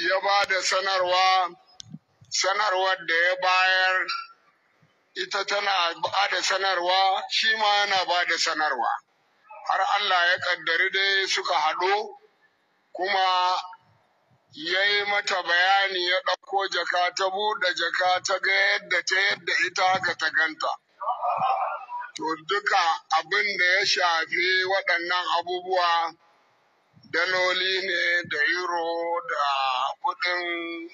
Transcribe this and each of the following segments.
ya ba da sanarwa sanarwar da ya bayar ita tana ba da sanarwa shi ma yana ba da sanarwa har Allah ya kaddari dai suka haɗo kuma ya yi mata bayani ya ɗauko jaka ta buɗe jaka ta ga yadda ta yadda ita haka ta ganta to duka abin da ya shafi waɗannan abubuwa daloli ne da euro da kudin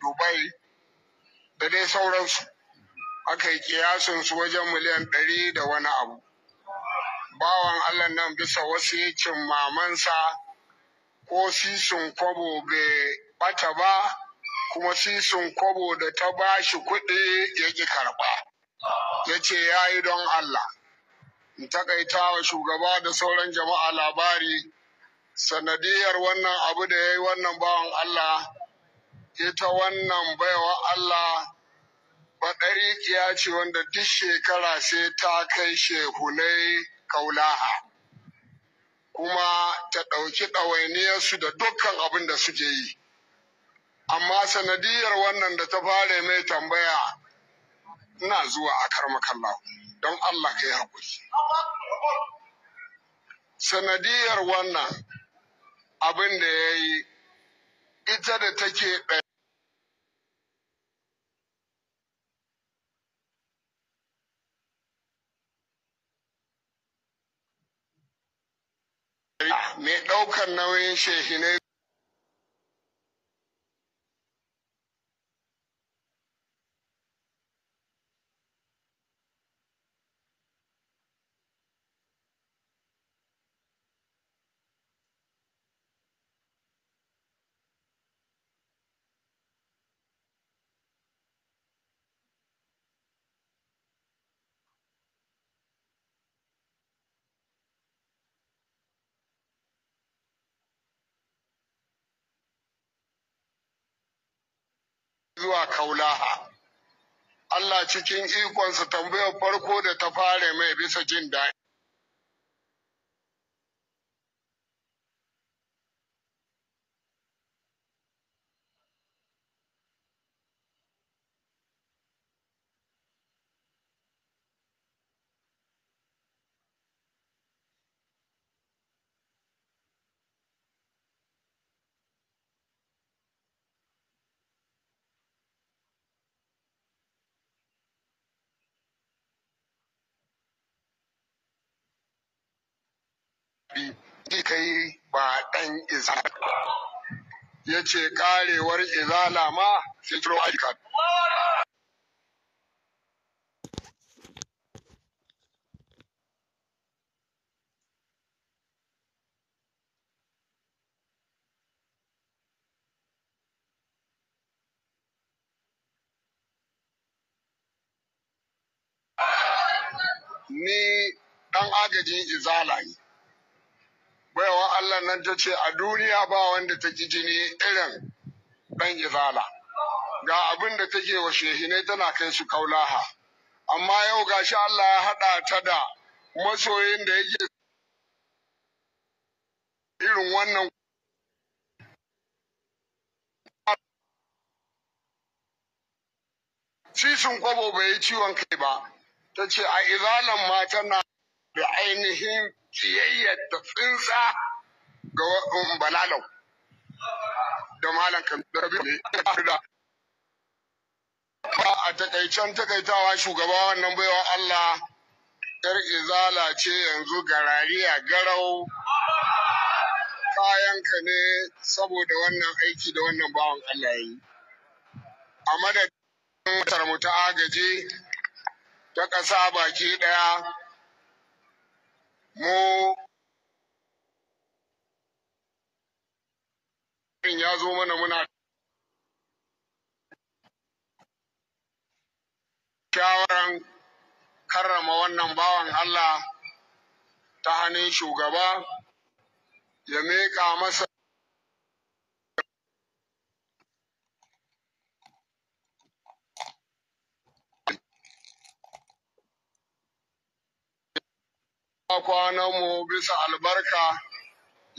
dubai da dai sauransu aka yi kiyasin wajen miliyan ɗari da wani abu bawan allah nan bisa wasu yakin mamansa ko sisin kwabo bai bata ba kuma sisin kwabo da ta ba shi kuɗi ya ƙi karɓa ya ce ya yi don allah in takaita wa shugaba da sauran jama'a labari sanadiyar wannan abu da ya yi wannan bawan Allah, ita wannan baiwa Allah ya ce wanda duk shekara sai ta kai shehunai kaulaha, kuma ta ɗauki ɗawainiyarsu da dukkan abin da suke yi. Amma sanadiyar wannan da ta fara mai tambaya, ina zuwa a karmakallahu don Allah ka yi haƙuri. Sanadiyar wannan abin da ya yi ita da take ɗaya. mai ɗaukar nauyin shehine zuwa Kaulaha. Allah cikin ikonsa tambayar farko da ta fara mai bisa jin daɗi. bi kai ba ɗan izala ya ce ƙarewar izala ma filtro aikata ni ɗan agajin izala ne. baiwa Allah nan ta ce a duniya ba wanda ta ki jini irin ɗan izala ga abin da take wa shehine tana kai su kaulaha amma yau ga shi Allah ya haɗa ta da masoyin da yake irin wannan sisin kwabo bai yi ciwon kai ba ta ce a izalan ma tana da ainihin ciyayya da tsinsa ga balalau da malam kabir ne a takaicen takaitawa shugaba wannan baiwa Allah yar izala ce yanzu garari a garau kayanka ne saboda wannan aiki da wannan bawan Allah yi a madadin mu ta agaji ta ƙasa baki ɗaya mu ya zo mana muna shawaran karrama wannan bawan Allah ta hannun shugaba ya meka masa kwananmu bisa albarka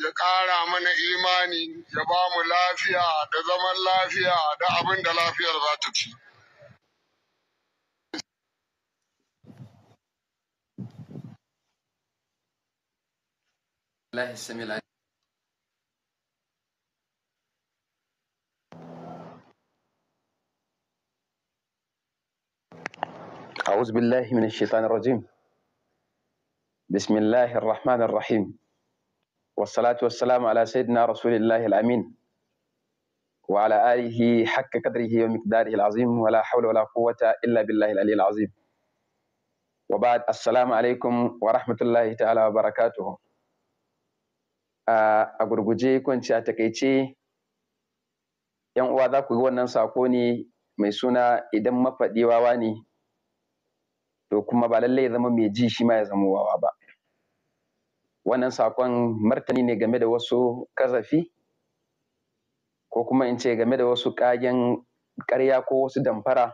ya ƙara mana imani ya ba mu lafiya da zaman lafiya da abin da lafiyar za ta ci. أعوذ بالله من الشيطان الرجيم بسم الله الرحمن الرحيم والصلاة والسلام على سيدنا رسول الله الأمين وعلى آله حق قدره ومقداره العظيم ولا حول ولا قوة إلا بالله العلي العظيم وبعد السلام عليكم ورحمة الله تعالى وبركاته a gurguje kwanci a takaice yan uwa za ku ga wannan sako ne mai suna idan mafaɗi wawa ne to kuma ba lallai ya zama mai ji shi ma ya zama wawa ba wannan saƙon martani ne game da wasu kazafi ko kuma in ce game da wasu ƙagen ƙarya ko wasu damfara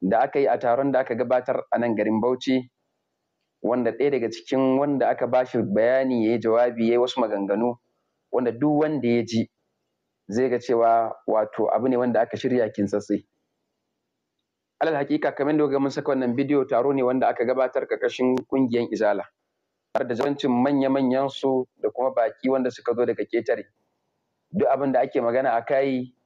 da aka yi a taron da aka gabatar a nan garin Bauchi wanda ɗaya daga cikin wanda aka ba shi bayani ya yi jawabi ya yi wasu maganganu wanda duk wanda ya ji zai ga cewa wato abu ne wanda aka shirya kintsatsai. Alal hakika kamar da mun saka wannan bidiyo taro ne wanda aka gabatar ƙarƙashin ƙungiyar Izala. har da zancin manya manyansu da kuma baki wanda suka zo daga ketare duk abin da ake magana a kai